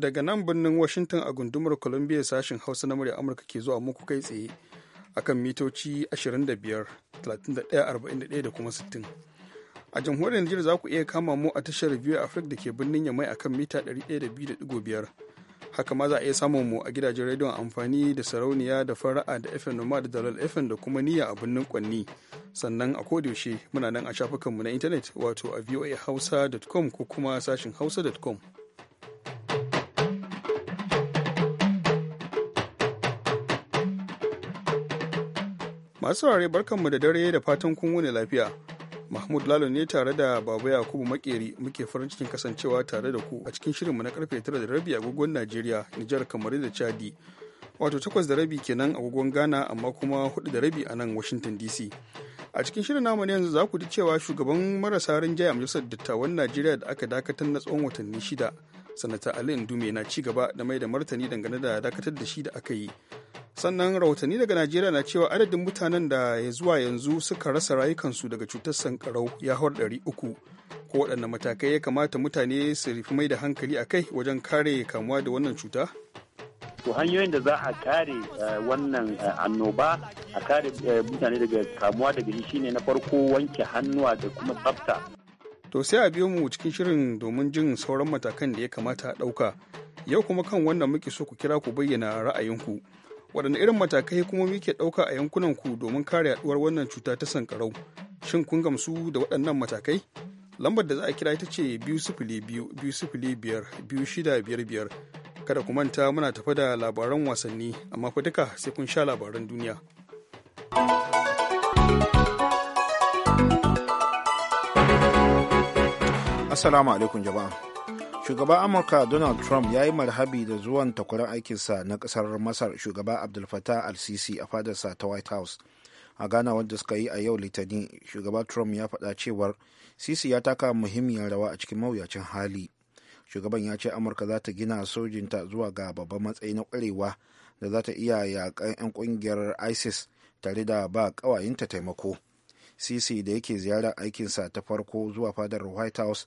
daga nan birnin Washington a gundumar Columbia sashen Hausa na murya Amurka ke zuwa muku kai tsaye akan mitoci 25, da kuma 60. A jamhuriyar Nijar za ku iya kama mu a tashar biyu Africa da ke birnin Yamai akan mita 102.5. Haka ma za a iya samun mu a gidajen rediyon amfani da sarauniya da fara'a da FM Noma da Dalal FM da kuma niyya a birnin Kwanni. Sannan a kodiyoshe muna nan a shafukanmu na intanet wato a voahausa.com ko kuma sashin hausa.com. Masu saurare barkanmu da dare da fatan kun wuni lafiya. Mahmud Lalo ne tare da Baba Yakubu Makeri muke farin cikin kasancewa tare da ku a cikin shirinmu na karfe 9 da rabi agogon Najeriya, Nijar, kamar da Chadi. Wato 8 da rabi kenan agogon Ghana amma kuma 4 da rabi a nan Washington DC. A cikin shirin namu ne yanzu za ku ji cewa shugaban marasa rinjaye a majalisar dattawan Najeriya da aka dakatar na tsawon watanni shida sanata ali dume na ci gaba da mai da martani dangane da dakatar da shi da aka yi sannan rahotanni daga najeriya na cewa adadin mutanen da ya zuwa yanzu suka rasa rayukansu daga cutar sankarau ya har ɗari uku ko waɗanne matakai ya kamata mutane su rufi mai da hankali a kai wajen kare kamuwa da wannan cuta to hanyoyin da za a kare eh, wannan eh, annoba a kare eh, mutane daga kamuwa daga shi shine na farko wanke hannuwa da kuma tsafta To sai a biyo mu cikin shirin domin jin sauran matakan da ya kamata a ɗauka. Yau kuma kan wannan muke so ku kira ku bayyana ra'ayinku. Waɗanne irin matakai kuma muke ɗauka a yankunan ku domin kare yaɗuwar wannan cuta ta sankarau? Shin kun gamsu da waɗannan matakai? Lambar da za a kira ita ce biyu sifili biyu biyu sifili biyar biyu shida biyar biyar. Kada ku manta muna tafa da labaran wasanni amma fa duka sai kun sha labaran duniya. Assalamu alaikum jama'a. Shugaban Amurka Donald Trump ya yi marhabi da zuwan takwarar aikinsa na ƙasar Masar shugaba Abdul Fattah al-Sisi a fadarsa ta White House. A gana wanda suka yi a yau Litani, shugaba Trump ya faɗa cewar Sisi ya taka muhimmiyar rawa a cikin mawuyacin hali. Shugaban ya ce Amurka za ta gina sojinta zuwa ga babban matsayi na kwarewa da za ta iya yaƙan 'yan ƙungiyar ISIS tare da ba ƙawayenta taimako. Sisi da yake ziyarar aikinsa ta farko zuwa fadar White House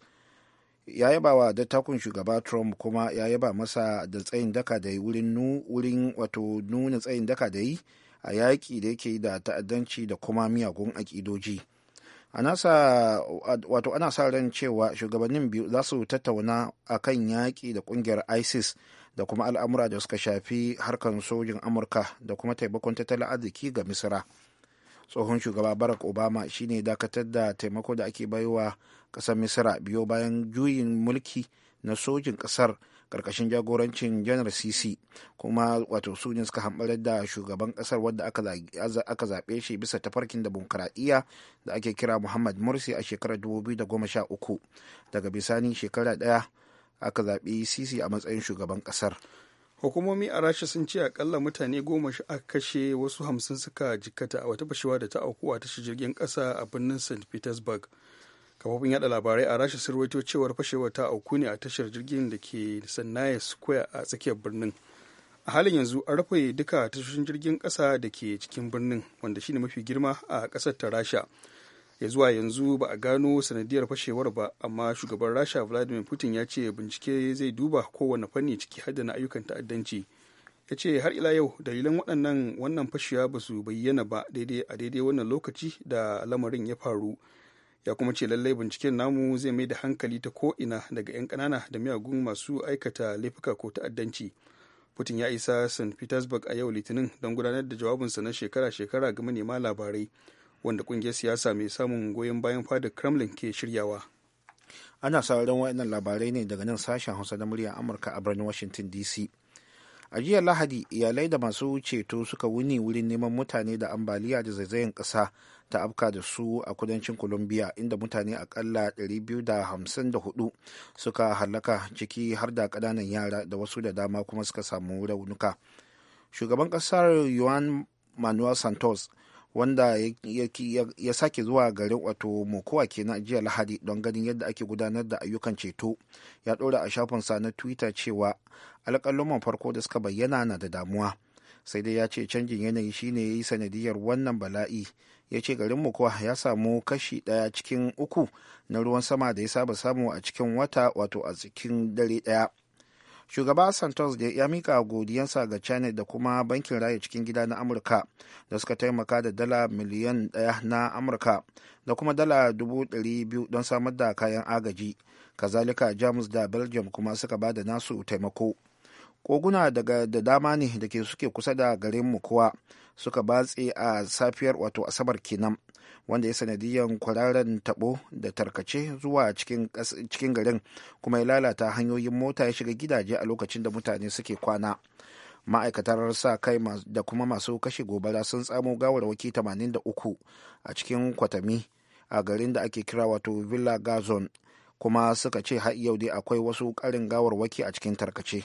ya yaba wa dattakun shugaba trump kuma ya yaba masa da tsayin daka da wurin wurin wato nuna tsayin daka da yi a yaƙi da yake da ta'addanci da kuma miyagun aƙidoji wato ana sa ran cewa shugabannin biyu za su tattauna a kan yaƙi da ƙungiyar isis da kuma al'amura da suka shafi harkar sojin amurka da kuma taimakon tattalin arziki ga misira tsohon shugaba barack obama shine dakatar da taimako da ake baiwa kasar misira biyo bayan juyin mulki na sojin kasar karkashin jagorancin janar sisi kuma wato sojin suka hambarar da shugaban kasar wadda aka zaɓe shi bisa tafarkin dimokuraɗiyya da ake kira muhammad morsi a shekarar 2013 daga bisani shekara ɗaya aka zaɓi sisi a matsayin shugaban kasar. hukumomi a rasha sun ce akalla mutane goma aka kashe wasu hamsin suka jikkata a wata fashewa da ta auku a tashar jirgin kasa a birnin st petersburg kafofin yada labarai a rasha sun rawaito cewar fashewar ta auku ne a tashar jirgin da ke sannaya square a tsakiyar birnin a halin yanzu an rufe duka tashoshin jirgin kasa da ke cikin birnin wanda shine mafi girma a kasar ta rasha ya zuwa yanzu ba a gano sanadiyar fashewar ba amma shugaban rasha vladimir putin ya ce bincike zai duba kowane fanni ciki har na ayyukan ta'addanci ya ce har ila yau dalilan waɗannan wannan fashewa ba su bayyana ba daidai a daidai wannan lokaci da lamarin ya faru ya kuma ce lallai binciken namu zai mai da hankali ta ko'ina daga 'yan kanana da miyagun masu aikata laifuka ko ta'addanci putin ya isa st petersburg a yau litinin don gudanar da jawabinsa na shekara-shekara ga manema labarai wanda kungiyar siyasa mai samun goyon bayan fadar kremlin ke shiryawa ana sauraron waɗannan labarai ne daga nan sashen hausa na muryar amurka a birnin washington dc a jiya lahadi iyalai da masu ceto suka wuni wurin neman mutane da ambaliya da zaizayen kasa. ta afka da su a kudancin colombia inda mutane akalla 254 suka halaka ciki har da kananan yara da wasu da dama kuma suka samu raunuka shugaban kasar yuan manuel santos wanda ya sake zuwa garin wato mokowa na jiya lahadi don ganin yadda ake gudanar da ayyukan ceto ya ɗora a shafinsa na twitter cewa alƙalluman farko da suka bayyana na da damuwa sai dai ya ce canjin yanayi shine ya yi sanadiyar wannan bala'i ya ce garinmu kuwa ya samu kashi daya cikin uku na ruwan sama da ya saba samu a cikin wata wato a cikin dare daya shugaba santos da ya mika godiyansa ga china da kuma bankin raya cikin gida na amurka da suka taimaka da dala miliyan daya na amurka da kuma dala dubu dari biyu don samar da kayan agaji kazalika jamus da belgium kuma suka ba da nasu taimako koguna daga da dama ne da ke suke kusa da garin mu kuwa suka batse a safiyar wato asabar kenan wanda ya sanadiyar kwararren tabo da tarkace zuwa cikin garin kuma ya lalata hanyoyin mota ya shiga gidaje a lokacin da mutane suke kwana ma'aikatar sa kai da kuma masu kashe gobara sun tsamo gawarwaki 83 a cikin kwatami a garin da ake kira wato villa gazon kuma suka ce har yau dai akwai wasu karin gawarwaki a cikin tarkace.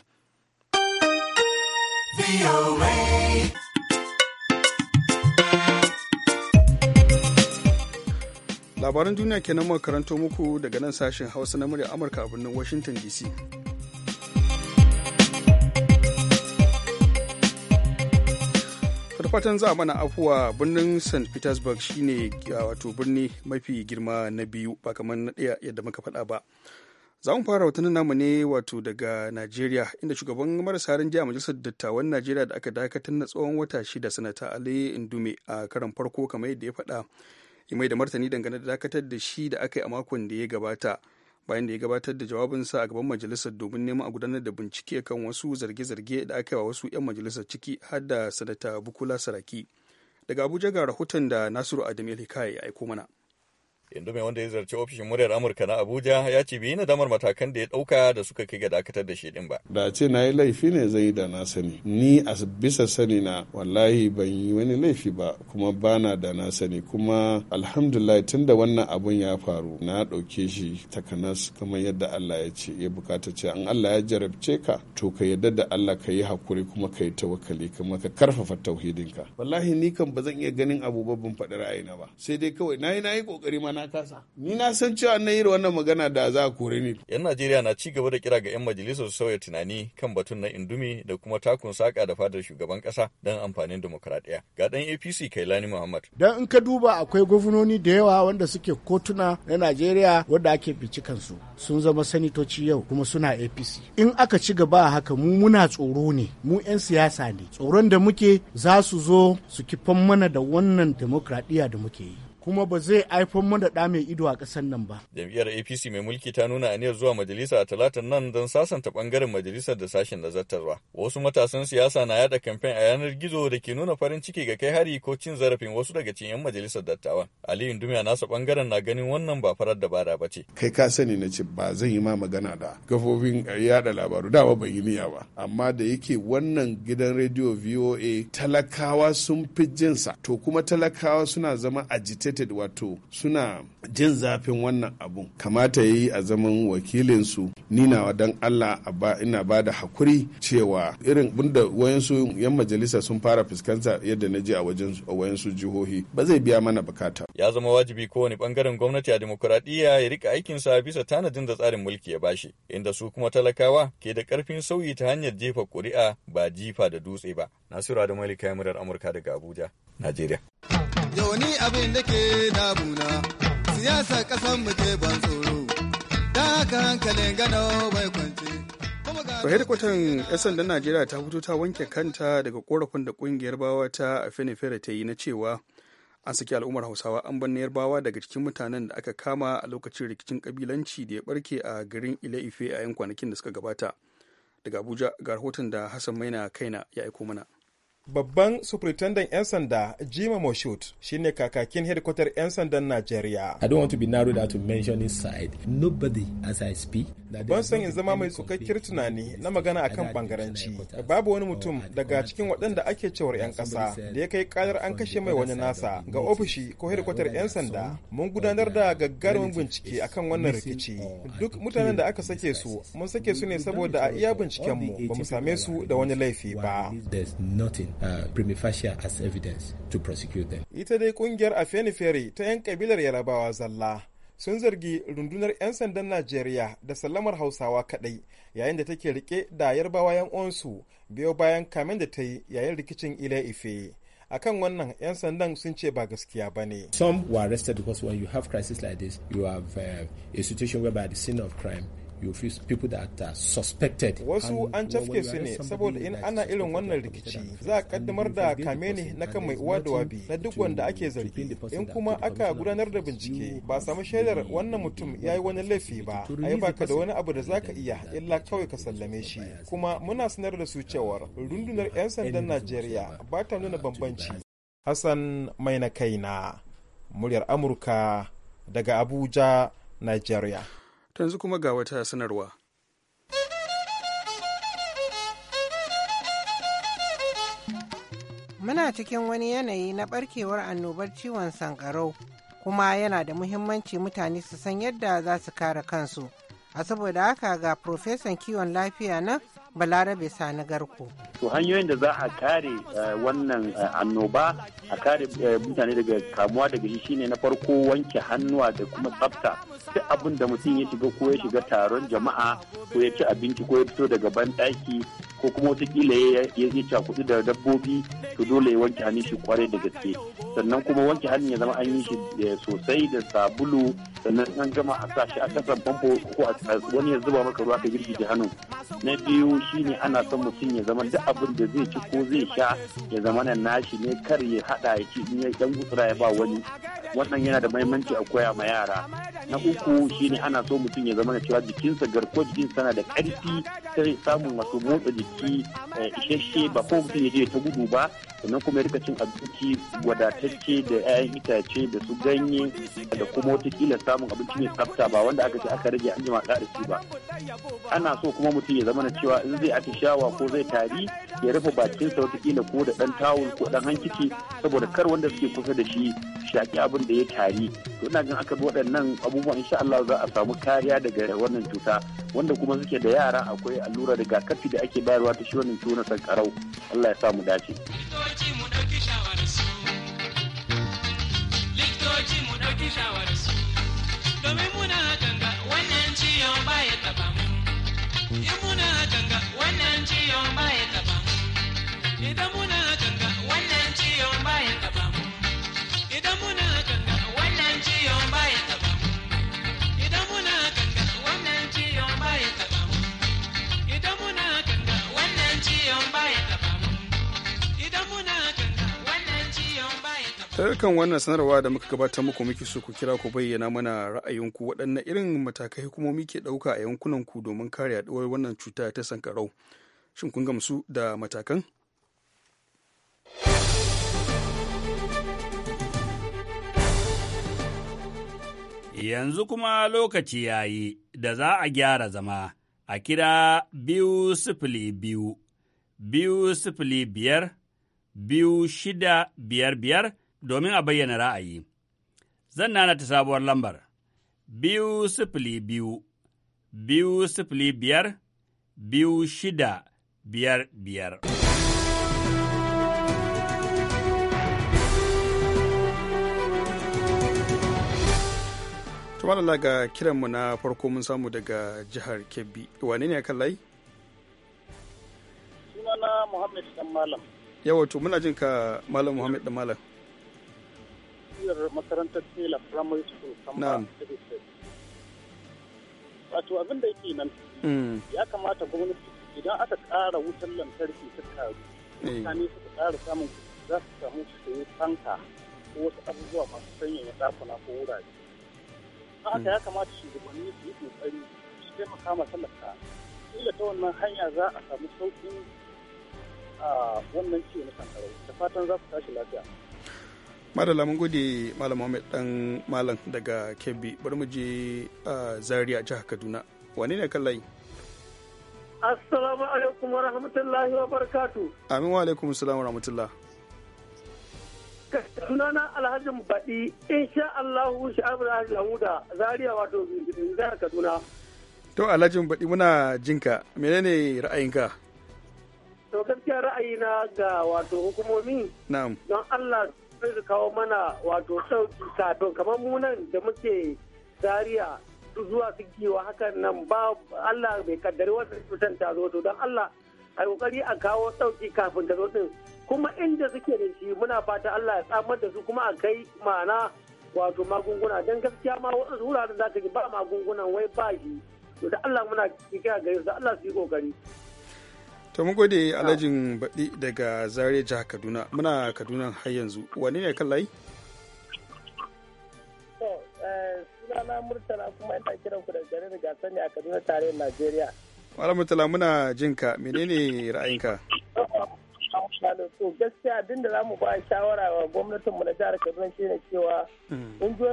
Labaran duniya ke nan karanto muku daga nan sashen Hausa na murya Amurka a birnin Washington DC. fatan za a mana afuwa birnin st petersburg shine wato birni mafi girma na biyu ba kamar na ɗaya yadda muka faɗa ba za mu fara rahotannin namu ne wato daga najeriya inda shugaban marasa jiya majalisar dattawan najeriya da aka dakatar na tsawon wata shida sanata ali indume a karan farko kamar yadda ya faɗa ya mai da martani dangane da dakatar da shi da aka yi a makon da ya gabata bayan da ya gabatar da jawabinsa a gaban majalisar domin neman a gudanar da bincike kan wasu zarge-zarge da aka yi wa wasu 'yan majalisar ciki har da sanata bukula saraki daga abuja ga rahoton da nasiru adam ya aiko mana yanzu mai wanda ya zarci ofishin muryar amurka na abuja ya ce biyu na damar matakan da ya dauka da suka kai ga dakatar da shi din ba da ce na yi laifi ne zan yi da na sani ni a bisa sani na wallahi ban yi wani laifi ba kuma bana da na sani kuma alhamdulillah tun da wannan abun ya faru na ɗauke shi takanas kamar yadda allah ya ce ya bukata ce an allah ya jarabce ka to ka yadda da allah ka yi hakuri kuma ka yi tawakkali kuma ka karfafa tauhidinka wallahi ni kan ba zan iya ganin abu ban faɗi ra'ayina ba sai dai kawai na yi na yi ƙoƙari ma na kasa ni na san cewa na yi wannan magana da za a kore ni yan najeriya na ci gaba da kira ga yan majalisar su sauya tunani kan batun na indumi da kuma takun saka da fadar shugaban kasa don amfanin demokradiyya ga dan apc kailani muhammad dan in ka duba akwai gwamnoni da yawa wanda suke kotuna na najeriya wanda ake bincikan su sun zama sanitoci yau kuma suna apc in aka ci gaba haka mu muna tsoro ne mu 'yan siyasa ne tsoron da muke za su zo su kifan mana da wannan demokradiyya da muke yi kuma ba zai haifar mu da mai ido a ƙasar nan ba. Jam'iyyar APC mai mulki ta nuna aniyar zuwa majalisa a talatin nan don sasanta bangaren majalisar da sashen nazartarwa Wasu matasan siyasa na yada kamfen a yanar gizo da ke nuna farin ciki ga kai hari ko cin zarafin wasu daga cikin 'yan majalisar dattawa Aliyu Indumiya nasa bangaren na ganin wannan ba farar dabara ba ce. Kai ka sani na ce ba zan yi ma magana da gafofin eh, yada labaru dawa ban yi niyya ba. Amma da yake wannan gidan rediyo VOA talakawa sun fi jinsa to kuma talakawa suna zama ajitin united wato suna jin zafin wannan abun kamata ya yi a zaman wakilinsu wa don allah ina ba da hakuri cewa irin bunda wayansu yan majalisa sun fara fuskanta yadda na ji a wajen wayansu jihohi ba zai biya mana bukata ya zama wajibi kowane bangaren gwamnati a demokuraɗiyya ya rika aikinsa bisa tanadin da tsarin mulki ya bashi inda su kuma talakawa ke da karfin sauyi ta hanyar jefa ƙuri'a ba jifa da dutse ba nasiru da malika murar amurka daga abuja najeriya yau ni abin da ke damuna siyasa kasan mu ke ban tsoro da haka hankalin gano bai kwance Bahir kwatan 'yan sandan Najeriya ta fito ta wanke kanta daga korafin da kungiyar bawa ta fere ta yi na cewa an saki al'ummar Hausawa an banne Yarbawa daga cikin mutanen da aka kama a lokacin rikicin kabilanci da ya barke a garin Ile-Ife a 'yan kwanakin da suka gabata. Daga Abuja ga rahoton da Hassan Maina kaina ya aiko mana. Babban Sufritandan 'yan sanda Jima Moshut shine kakakin hedikwatar 'yan sandan Najeriya. I don't want to be narrowed to mention his side. Nobody as I speak. Ban san in zama mai tsukakkiyar tunani na magana akan bangaranci. Babu wani mutum daga cikin waɗanda ake cewar 'yan ƙasa da ya kai ƙarar an kashe mai wani nasa ga ofishi ko hedikwatar 'yan sanda. Mun gudanar da gaggarumin bincike akan wannan rikici. Duk mutanen da aka sake su, mun sake su ne saboda a iya bincikenmu ba mu same su da wani laifi ba. uh, prima facie as evidence to prosecute them. Ita dai kungiyar Afenifere ta 'yan kabilar Yarabawa zalla sun zargi rundunar 'yan sandan Najeriya da sallamar Hausawa kaɗai yayin da take rike da Yarbawa 'yan uwansu biyo bayan kamen da ta yi yayin rikicin Ile Ife. akan wannan 'yan sandan sun ce ba gaskiya ba ne. Some were arrested because when you have crisis like this, you have uh, a situation whereby the scene of crime Wasu an cafke su ne saboda in ana irin wannan rikici za a kaddamar da kame ne na kan mai uwa da wabi na duk wanda ake zargi in kuma aka gudanar da bincike ba samu shaidar wannan mutum ya yi wani laifi ba yi baka da wani abu da za ka iya illa kawai ka sallame shi kuma muna sanar da su cewar rundunar 'yan sandan Najeriya ba ta uh, nuna bambanci. Hassan mai na na muryar Amurka daga Abuja, nigeria. yanzu kuma ga wata sanarwa muna cikin wani yanayi na barkewar annobar ciwon sankarau kuma yana da muhimmanci mutane su san yadda za su kare kansu a saboda haka ga profesan kiwon lafiya na. balarabe sani garko to hanyoyin da za a kare eh, wannan eh, annoba a kare eh, mutane daga kamuwa daga shi shine na farko wanke hannuwa da kuma tsafta duk abin da mutum ya shiga ko ya shiga taron jama'a ko ya ci abinci ko ya fito daga banɗaki ko kuma watakila ya yi cakudu da dabbobi to dole ya wanke hannun shi kwarai da gaske sannan kuma wanke hannun ya zama an yi shi sosai da sabulu sannan an gama a sa shi a kasan famfo ko wani ya zuba maka ruwa ka girgije hannu. na biyu shine ana son mutum ya zama duk abin da zai ci ko zai sha ya zama nan nashi ne kar ya haɗa ya ci in ya dan gutsura ya ba wani wannan yana da mahimmanci a koya ma yara na uku shine ana so mutum ya zama cewa jikinsa garko jikin sana da karfi sai samun wasu motsa jiki eh, isasshe ba ko mutum ya je ta gudu ba sannan kuma rika cin abinci wadatacce da 'ya'yan itace da su ganye da kuma watakila samun abinci mai tsafta ba wanda aka ce aka rage an jima shi ba ana so kuma mutum ya zama cewa in zai atishawa ko zai tari ya rufe bakinsa watakila ko da ɗan tawul ko ɗan hankici saboda kar wanda suke kusa da shi shaki abin da ya tari to ina gan aka bi waɗannan abubuwan insha Allah za a samu kariya daga wannan cuta wanda kuma suke da yara akwai allura rigakafi da ake bayarwa ta shi wannan ciwo sankarau Allah ya sa mu dace. likitoci mu ɗauki mu ɗauki domin muna ganga wannan ciyon baya taba mu in muna ganga wannan idan muna ganga wannan ciyon bayan taba mu idan muna ganga wannan ciyon baya kan wannan sanarwa da muka gabatar muku muke so ku kira ku bayyana mana ra'ayinku waɗanne irin matakai hukumomi ke ɗauka a yankunanku domin kare yaduwar wannan cuta ta sankarau shin kun gamsu da matakan yanzu kuma lokaci ya yi da za a gyara zama a kira biyu sifili biyu biyu sifili biyar biyu shida biyar biyar domin a bayyana ra'ayi. Zan nana ta sabuwar lambar biyu sifili biyu, biyu sifili biyar, biyu shida biyar biyar. Tumalala ga kiranmu na farko mun samu daga jihar Kebbi, wane ne ya layi? Sunana Muhammad Dan Malam. Yawa to muna jin ka Malam Muhammad Dan Malam. tafiyar makarantar tela primary school kamar wato abin da yake nan hmm. ya kamata gwamnati idan aka ƙara wutar lantarki ta karu eh. mutane suka ƙara samun za su samu su sayi fanka ko wasu abubuwa masu sanyaya ɗakuna ko wurare haka hmm. ya kamata shugabanni su yi ƙoƙari su taimaka ma talaka kila ta wannan hanya za a samu sauƙin a ah, wannan ciwo na sankarau da fatan za su tashi lafiya madalla mun gode malam Muhammad dan malam daga Kebbi bari mu je Zaria jihar Kaduna wani ne kan layi Assalamu alaikum wa rahmatullahi wa barakatu. Amin wa alaikum assalamu wa rahmatullah. na Alhaji Baɗi, insha Allahu sha'abar Alhaji Lamuda, Zaria wato jihar Kaduna. To Alhaji Baɗi muna jinka, menene ra'ayinka? To gaskiya ra'ayina ga wato hukumomi. Na'am. Don Allah sai su kawo mana wato sauki kafin kamar munan da muke zaria zuwa su giwa hakan nan ba Allah bai kaddari wasu cutar ta zo to don Allah a kokari a kawo sauki kafin ta zo din kuma inda suke da shi muna fata Allah ya tsamar da su kuma a kai ma'ana wato magunguna don gaskiya ma wasu wuraren za ka ba magungunan wai ba shi to da Allah muna kira ga su da Allah su yi kokari to mun gode alhajin baɗi daga zare jihar kaduna muna kaduna har yanzu wani ne kan layi eh, sunana murtala kuma ina kiran ku da garin rigasa ne a kaduna tarayyar najeriya Wala murtala muna jinka menene ra'ayinka shanu to gaskiya abin da zamu ba shawara wa mu na jihar kaduna shine cewa mm. in ji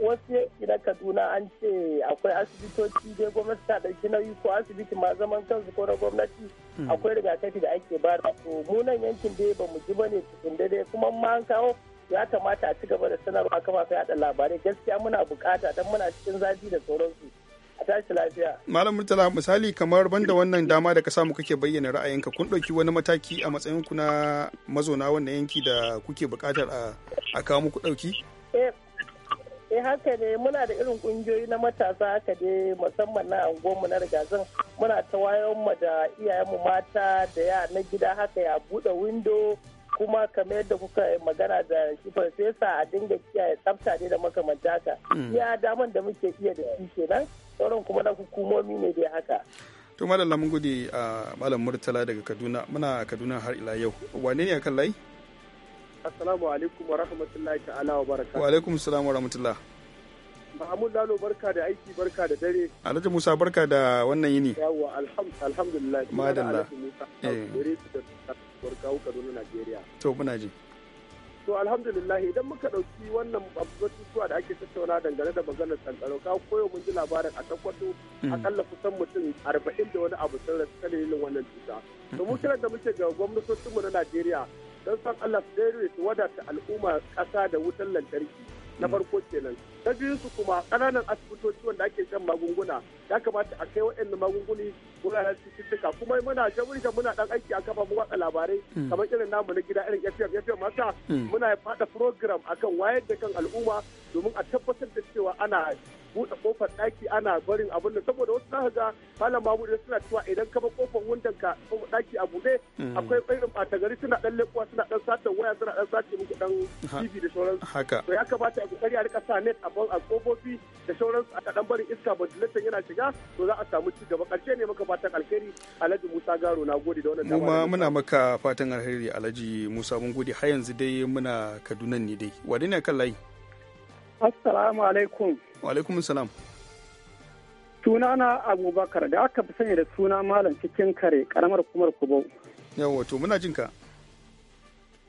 wasu na kaduna an ce akwai asibitoci dai gwamnati ta ɗauki nauyi ko asibiti ma zaman kansu ko na gwamnati mm. akwai rigakafi da ake ba da to mu nan yankin dai ba mu ji bane tukun dai kuma ma an kawo ya kamata a ci gaba da sanarwa kafafen yaɗa labarai gaskiya muna bukata don muna cikin zafi da sauransu malam murtala misali kamar banda wannan dama da ka samu kake bayyana ra'ayinka kun ɗauki wani mataki a matsayin ku na mazauna wannan yanki da kuke buƙatar a kawo muku ɗauki eh, eh haka ne muna da irin kungiyoyi na matasa haka ne musamman na unguwarmu na rigazin muna ta wayon mu da iyayenmu mata da ya na gida haka ya bude windo kuma kamar yadda kuka magana da shi farfesa a dinga kiyaye tsafta ne da makamanta haka hmm. iya daman da muke iya da shi kenan sauran kuma na hukumomi ne dai haka to madalla mun gode a malam murtala daga kaduna muna kaduna har ila yau wane ne akan layi assalamu alaikum wa rahmatullahi ta'ala wa baraka wa alaikum salam wa rahmatullah Mahmud Lalo barka da aiki barka da dare. Alhaji Musa barka da wannan yini. Yawwa alhamdulillah. Madalla. Alhaji Musa. Eh. Barka Kaduna Najeriya. To muna ji. to alhamdulillah idan muka ɗauki wannan batutuwa da ake tattauna dangane da maganar sankarau ka koyo mun ji labarin a takwato mm. akalla kusan mutum arba'in da wani abu sun rasu dalilin wannan cuta to mu kiran da muke ga mu na najeriya don san allah su daidaita wadata al'umma ƙasa da wutar lantarki na mm. farko kenan na biyun su kuma ƙananan asibitoci wanda ake shan magunguna ya kamata a kai waɗannan magunguni wuraren cututtuka kuma muna jamurka muna dan aiki a kafa mu watsa labarai mm. kamar irin namu na gida irin FM FM masa mm. muna fada program akan wayar da kan al'umma domin a tabbatar da cewa ana buɗe kofar ɗaki ana barin abin da saboda wasu za ga malam mahmud da suna cewa idan ka bar kofar wundan ka kofar ɗaki a buɗe mm. akwai irin ɓata gari suna ɗan lekuwa suna ɗan sata waya suna ɗan sace muku ɗan tv da sauransu to ya kamata a kokari a rika sa net a sabon a kofofi da sauransu a kaɗan barin iska ba ventilation yana shiga to za a samu ci gaba ƙarshe ne maka fatan alheri alhaji musa garo na gode da wannan mu muna maka fatan alheri alhaji musa mun gode har yanzu dai muna kaduna ne dai wadai ne kan layi assalamu alaikum wa alaikum salam na abubakar da aka fi sani da suna malam cikin kare karamar kumar kubau yawa to muna jinka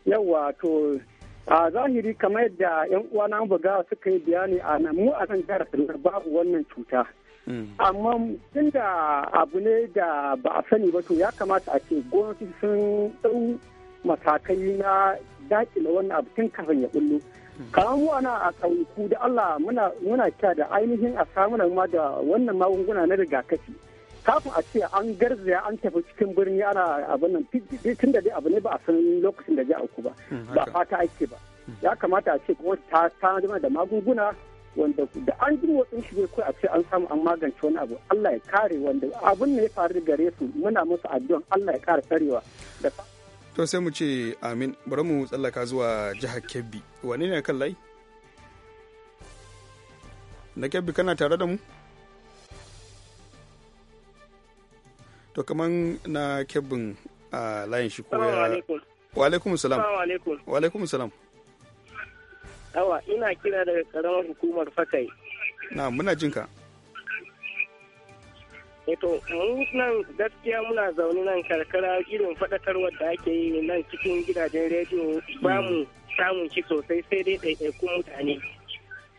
yawa to a zahiri kamar yadda yan uwa na buga suka yi bayani a nan mu a kan jihar kaduna babu wannan cuta mm. amma tun da abu ne da ba a sani ba to ya kamata a ce gwamnati sun ɗau matakai na dakile wannan abu tun kafin ya bullo mm. kamar mu ana a ƙauyuku da allah muna kya da ainihin a samu ma da wannan magunguna na rigakafi kafin a ce an garzaya an tafi cikin birni ana abin nan tun da dai abu ne ba a san lokacin da ji auku ba hmm, ba fata ake ba hmm. ya kamata a ce kuma ta ta da magunguna wanda da an ji wasu shi ne a ce an samu an magance wani abu Allah ya kare wanda abin ne ya faru gare su muna musu addu'an Allah ya kare sarewa da to sai mu ce amin bari mu tsallaka zuwa jihar Kebbi wani ne kan lai na Kebbi kana tare da mu to kaman na kebbin a layin shi ko ya wa alaikum salam wa awa ina kira daga karamar hukumar fakai na muna jinka eto nan gaskiya muna zaune nan karkara irin faɗakarwar da ake yi nan cikin gidajen rediyo ba hmm. mu samun shi sosai sai dai ɗaiɗaikun mutane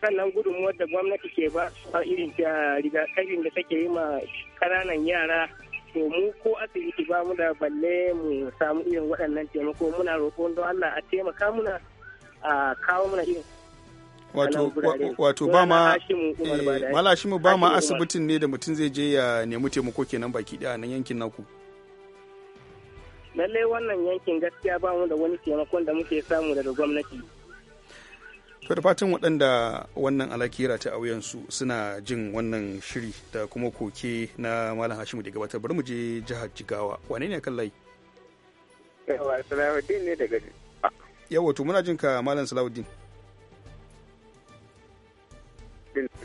sannan gudunmuwar da gwamnati ke ba a irin rigakafin da take yi ma ƙananan yara to mu ko asibiti ba mu da balle mu samu irin waɗannan taimako muna roƙon don Allah a taimaka muna a kawo muna irin wato wato ba ma mu eh, ba ma asibitin ne da mutum zai je ya nemi taimako kenan baki daya nan yankin naku lallai wannan yankin gaskiya ba mu da wani taimakon da muke samu daga gwamnati to da fatan waɗanda wannan alakira ta a wuyansu suna jin wannan shiri da kuma koke na malam hashimu da gabatar bari mu je jihar jigawa wane ne kan layi yawa salahuddin ne daga yawa to muna jin ka malam salahuddin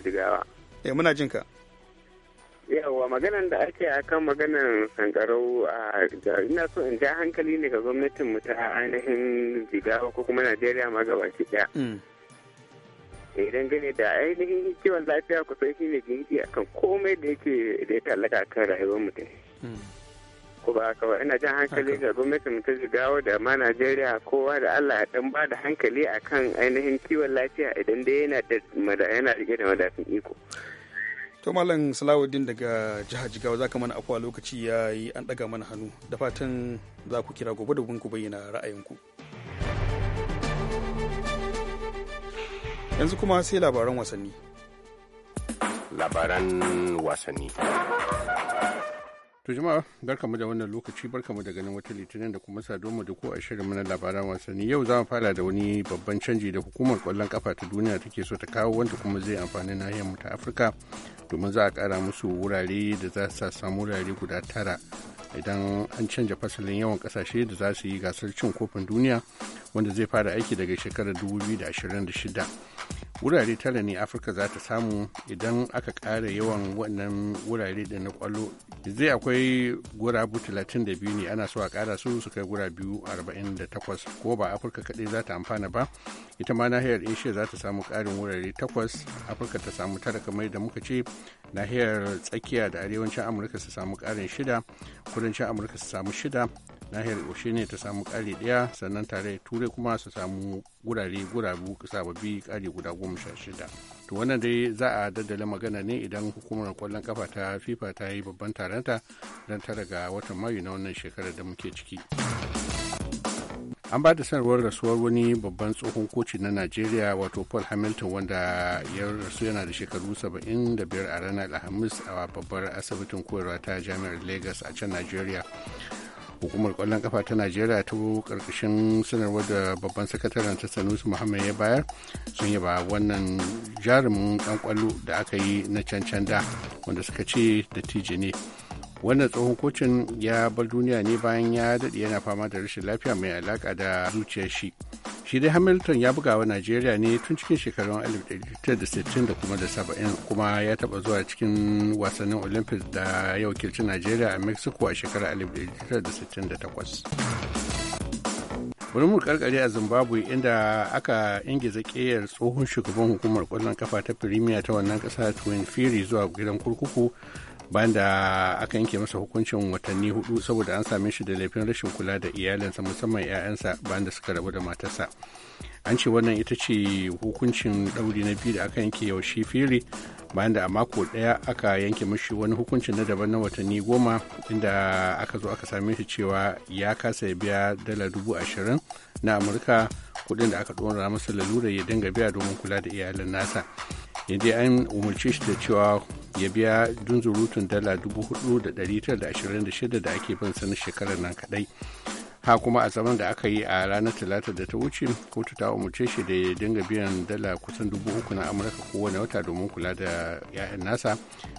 jigawa eh muna jin ka yawa maganan da ake akan maganan sankarau a ina so in ja hankali ne ga gwamnatin mu ta ainihin jigawa ko kuma najeriya ma gabaki daya mm. idan eh, gane da ainihin kiwon lafiya kusan shi ne a kan komai da yake da ya tallaka kan rayuwar mutum hmm. ko ba kawai ina jan hankali ga gwamnatin ta jigawa da ma najeriya kowa da allah ya dan bada hankali akan ainihin kiwon lafiya idan dai yana da yana rike da madafin iko to malam salawuddin daga jihar jigawa zaka mana akwai lokaci ya yi an daga mana hannu da fatan za ku kira gobe da ku bayyana ra'ayinku. ku yanzu kuma sai labaran wasanni labaran wasanni to jama'a mu da wannan lokaci barka mu da ganin wata litinin da kuma mu da ko a shirin mana labaran wasanni yau za mu fara da wani babban canji da hukumar kwallon kafa ta duniya take so ta kawo wanda kuma zai amfani nahiyar mu ta afirka domin za a kara musu wurare da za su samu wurare guda tara idan an canja fasalin yawan kasashe da za su yi gasar cin kofin duniya wanda zai fara aiki daga shekarar 2026 wurare tara ne afirka za ta samu idan aka kara yawan wannan wurare da na kwallo zai akwai gurabu 32 ne ana so a kara su su kai gurabu 48 ko ba afirka kadai za ta amfana ba ita ma nahiyar asia za ta samu karin wurare 8 afirka ta samu tara kamar da muka ce nahiyar tsakiya da arewacin amurka su samu karin shida kudancin amurka su samu shida nahiyar yaushe ne ta samu kari daya sannan tare turai kuma su samu gurare gurabu sababbi kari guda goma sha shida to wannan dai za a daddala magana ne idan hukumar kwallon kafa ta fifa ta yi babban taronta don ta daga watan mayu na wannan shekarar da muke ciki an ba da sanarwar rasuwar wani babban tsohon koci na najeriya wato paul hamilton wanda ya rasu yana da shekaru 75 a ranar alhamis a babbar asibitin koyarwa ta jami'ar lagos a can najeriya hukumar kwallon kafa ta najeriya ta karkashin sanarwar da babban sakataren ta sanusi muhammad ya bayar sun ba wannan jarumin dan kwallo da aka yi na cancanda wanda suka ce da tije ne wannan tsohon kocin ya bar duniya ne bayan ya daɗe yana fama da rashin lafiya mai alaƙa da zuciyar shi shi dai hamilton ya buga wa najeriya ne tun cikin shekarun 1960 da kuma da 70 kuma ya taɓa zuwa cikin wasannin olympics da ya wakilci najeriya a mexico a shekarar 1968 wani mu a zimbabwe inda aka ingiza ƙeyar tsohon shugaban hukumar kwallon kafa ta firimiya ta wannan kasa twin fury zuwa gidan kurkuku bayan da aka yanke masa hukuncin watanni hudu saboda an same shi da laifin rashin kula da iyalinsa musamman 'ya'yansa bayan da suka rabu da matarsa an ce wannan ita ce hukuncin ɗauri na biyu da aka yanke yau shi fili bayan da a mako ɗaya aka yanke mashi wani hukuncin na daban na watanni goma inda aka zo aka same shi cewa ya kasa ya biya dala dubu ashirin na amurka kuɗin da aka ɗora masa lalura ya dinga biya domin kula da iyalin nasa yanzu an umarci shi da cewa ya biya dunzurutun dala 4,926 da ake bin sanin shekarar nan kaɗai ha kuma a zaman da aka yi a ranar talata da ta wuce kotu ta umarce shi da ya dinga biyan dala kusan dubu uku na amurka kowane wata domin kula da 'ya'yan nasa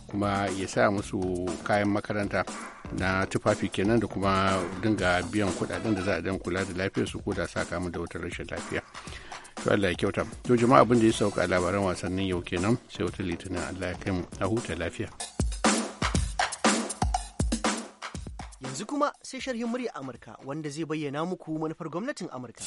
kuma ya sa musu kayan makaranta na tufafi kenan da kuma dinga biyan kudaden da za a dan kula da lafiyar su ko da sa kamu da wata rashin lafiya to Allah ya kyauta to jama'a abin da ya sauka a labaran wasannin yau kenan sai wata litinin Allah ya kai mu a huta lafiya yanzu kuma sai sharhin murya Amurka wanda zai bayyana muku manufar gwamnatin Amurka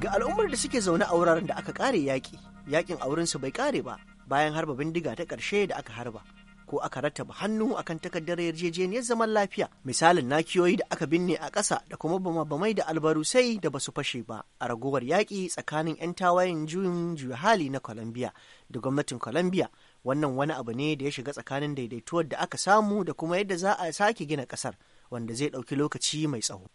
ga al'ummar da suke zaune a wuraren da aka kare yaƙi yaƙin aurensu bai kare ba bayan harba bindiga ta ƙarshe da aka harba ko aka rattaba hannu akan takardar yarjejeniyar zaman lafiya misalin nakiyoyi da aka binne a ƙasa da kuma bama-bamai da albarusai da basu fashe ba a ragowar yaƙi tsakanin 'yan tawayen juyin juya hali na colombia da gwamnatin colombia wannan wani abu ne da ya shiga tsakanin daidaituwar da aka samu da kuma yadda za a sake gina ƙasar wanda zai ɗauki lokaci mai tsawo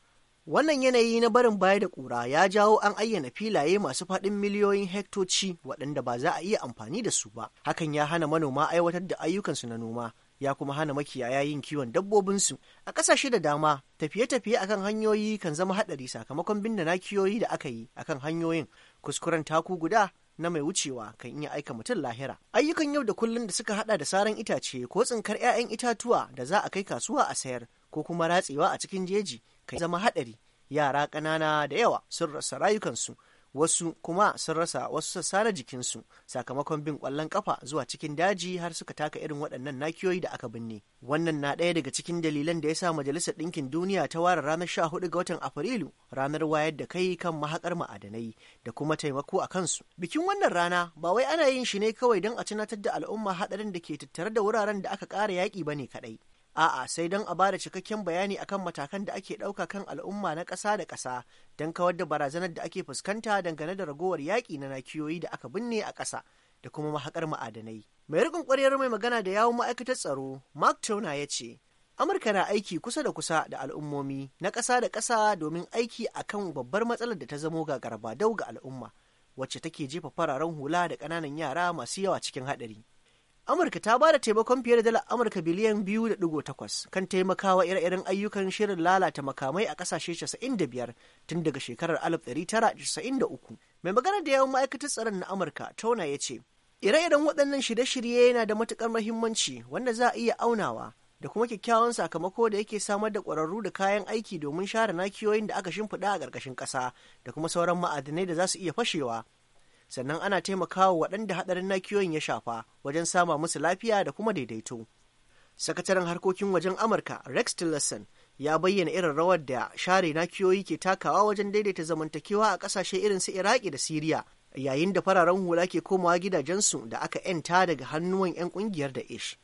Wannan yanayi na barin baya da ƙura ya jawo an ayyana filaye masu faɗin miliyoyin hektoci waɗanda ba za a iya amfani da su ba. Hakan ya hana manoma aiwatar da ayyukansu na noma, ya kuma hana makiyaya yin kiwon dabbobinsu. A ƙasashe da dama, tafiye-tafiye akan hanyoyi kan zama haɗari sakamakon binne nakiyoyi da aka yi akan hanyoyin. Kuskuren taku guda na mai wucewa kan iya aika mutum lahira. Ayyukan yau da kullum da suka haɗa da saran itace ko tsinkar 'ya'yan itatuwa da za a kai kasuwa a sayar ko kuma ratsewa a cikin jeji kai zama haɗari yara ƙanana da yawa sun rasa rayukansu wasu kuma sun rasa wasu sassa na jikinsu sakamakon bin ƙwallon ƙafa zuwa cikin daji har suka taka irin waɗannan nakiyoyi da aka binne wannan na ɗaya daga cikin dalilan da ya sa majalisar ɗinkin duniya ta ware ranar sha hudu ga watan afrilu ranar wayar da kai kan mahaƙar ma'adanai da kuma taimako a kansu bikin wannan rana ba wai ana yin shi ne kawai don a tunatar da al'umma haɗarin da ke tattare da wuraren da aka ƙara yaƙi ba ne kaɗai A'a sai don a bada cikakken bayani akan matakan da ake ɗauka kan al'umma na ƙasa da ƙasa don kawar da barazanar da ake fuskanta dangane da ragowar yaƙi na nakiyoyi da aka binne a ƙasa da kuma mahaƙar ma'adanai. Mai rikon ƙwarewar mai magana da yawun ma'aikatar tsaro Mark Tona ya ce, Amurka na aiki kusa da kusa da al'ummomi na ƙasa da ƙasa domin aiki akan babbar matsalar da ta zamo Garba dau ga al'umma wacce take jefa fararen hula da ƙananan yara masu yawa cikin haɗari. Amurka ta ba da taimakon fiye da dala Amurka biliyan biyu da digo takwas kan taimakawa ire-iren ayyukan shirin lalata makamai a ƙasashe 95 tun daga shekarar 1993. Mai magana da yawan ma'aikatar tsaron na Amurka, Tona ya ce, Ire-iren waɗannan shirye-shirye yana da matuƙar mahimmanci wanda za a iya aunawa da kuma kyakkyawan sakamako da yake samar da ƙwararru da kayan aiki domin share nakiyoyin da aka shimfiɗa a ƙarƙashin ƙasa da kuma sauran ma'adinai da za su iya fashewa sannan ana taimakawa waɗanda haɗarin nakiyoyin ya shafa wajen sama musu lafiya da kuma daidaito. Sakataren harkokin wajen Amurka Rex Tillerson ya bayyana irin rawar da share nakiyoyi ke takawa wajen daidaita zamantakewa a ƙasashe irin su Iraki da Siriya yayin da fararen hula ke komawa gidajensu da aka 'yanta daga hannuwan 'yan ƙungiyar da ish.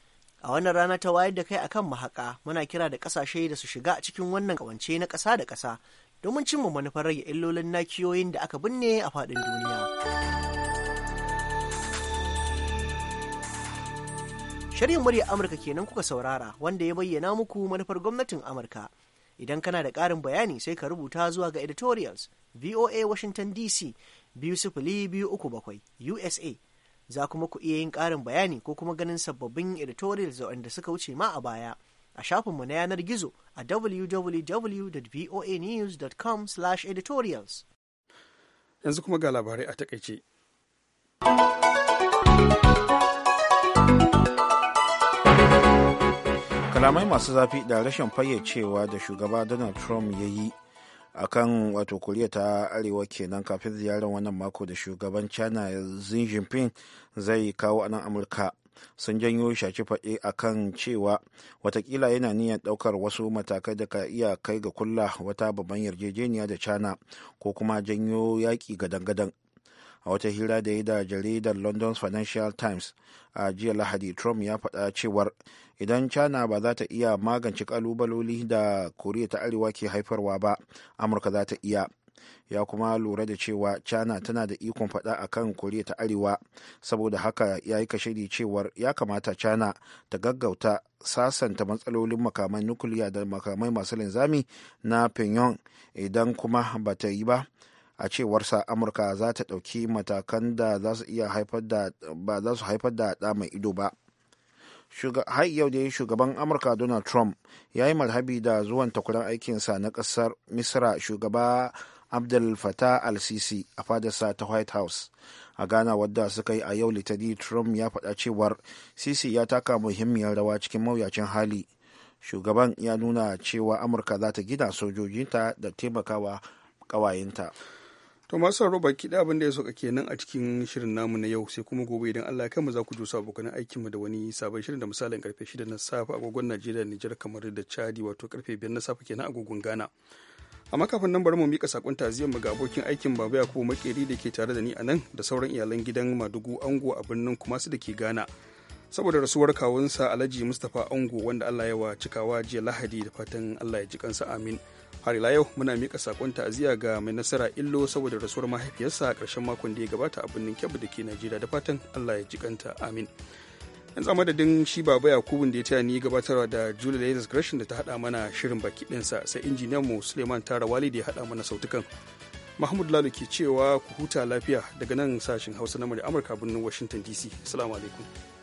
a wannan rana ta wayar da kai akan mahaƙa, muna kira da ƙasashe da su shiga a cikin wannan ƙawance na ƙasa da ƙasa domin cimma manufar rage illolin nakiyoyin da aka binne a faɗin duniya. shir'in murya Amurka kenan kuka saurara wanda ya bayyana muku manufar gwamnatin Amurka. Idan kana da ƙarin bayani sai ka rubuta zuwa ga editorials VOA Washington DC biyu sifili biyu uku bakwai USA. Za kuma ku iya yin ƙarin bayani ko kuma ganin sababbin editorials waɗanda suka wuce ma a baya. a shafinmu na yanar gizo a www.voanews.com/editorials. Yanzu kuma ga labarai a takaice. kalamai masu zafi da rashin fayyacewa da shugaba donald trump ya yi a kan wato koriya ta arewa kenan kafin ziyarar wannan mako da shugaban china xi jinping zai kawo a nan amurka sun janyo shaci faɗi a kan cewa watakila yana niyyar ɗaukar wasu matakai da ka iya kai ga kulla wata babban yarjejeniya da china ko kuma janyo yaƙi gadan-gadan a wata hira da ya da jaridar london financial times a jiya lahadi trump ya faɗa cewar idan china ba za ta iya magance kalubaloli da koriya ta arewa ke haifarwa ba amurka za ta iya ya kuma lura da cewa china tana da ikon fada a kan koriya ta arewa saboda haka ya yi kashiri cewar ya kamata china ta gaggauta sasanta matsalolin makamai nukiliya da makamai masu linzami na pyongyang idan kuma ba ta yi ba a cewarsa amurka za ta ɗauki matakan da za su haifar da da ɗa mai ido ba har yau da shugaban amurka donald trump ya yi marhabi da zuwan takwaran aikinsa na ƙasar misra shugaba abdul fattah al-sisi a fadarsa ta white house a gana wadda suka yi a yau litani trump ya faɗa cewar sisi ya taka muhimmiyar rawa cikin mawuyacin hali shugaban ya nuna cewa amurka za ta gina sojojinta da taimakawa ƙawayenta to masu sauraro baki da abin da ya soka kenan a cikin shirin namu na yau sai kuma gobe idan Allah ya kama za ku jo abokan aikin mu da wani sabon shirin da misalin karfe 6 na safe agogon Najeriya Nijar kamar da Chadi wato karfe 5 na safe kenan agogon Ghana a makafin nan bari mu mika sakon taziyar mu ga abokin aikin baba yakubu makeri da ke tare da ni a nan da sauran iyalan gidan madugu ango a birnin kumasu da ke gana saboda rasuwar kawunsa alhaji mustapha ango wanda allah ya wa cikawa jiya lahadi da fatan allah ya ji kansa amin har ila yau muna mika sakon ta'aziyya ga mai nasara illo saboda rasuwar mahaifiyarsa a karshen makon da ya gabata a birnin kebbi da ke najeriya da fatan allah ya ji kanta amin yan da din shi baba yakubun da ya taya ni gabatarwa da julie ladies gresham da ta haɗa mana shirin baki ɗinsa sai injiniyan mu suleiman wali da ya haɗa mana sautukan mahmud lalu ke cewa ku huta lafiya daga nan sashen hausa na amurka birnin washington dc assalamu alaikum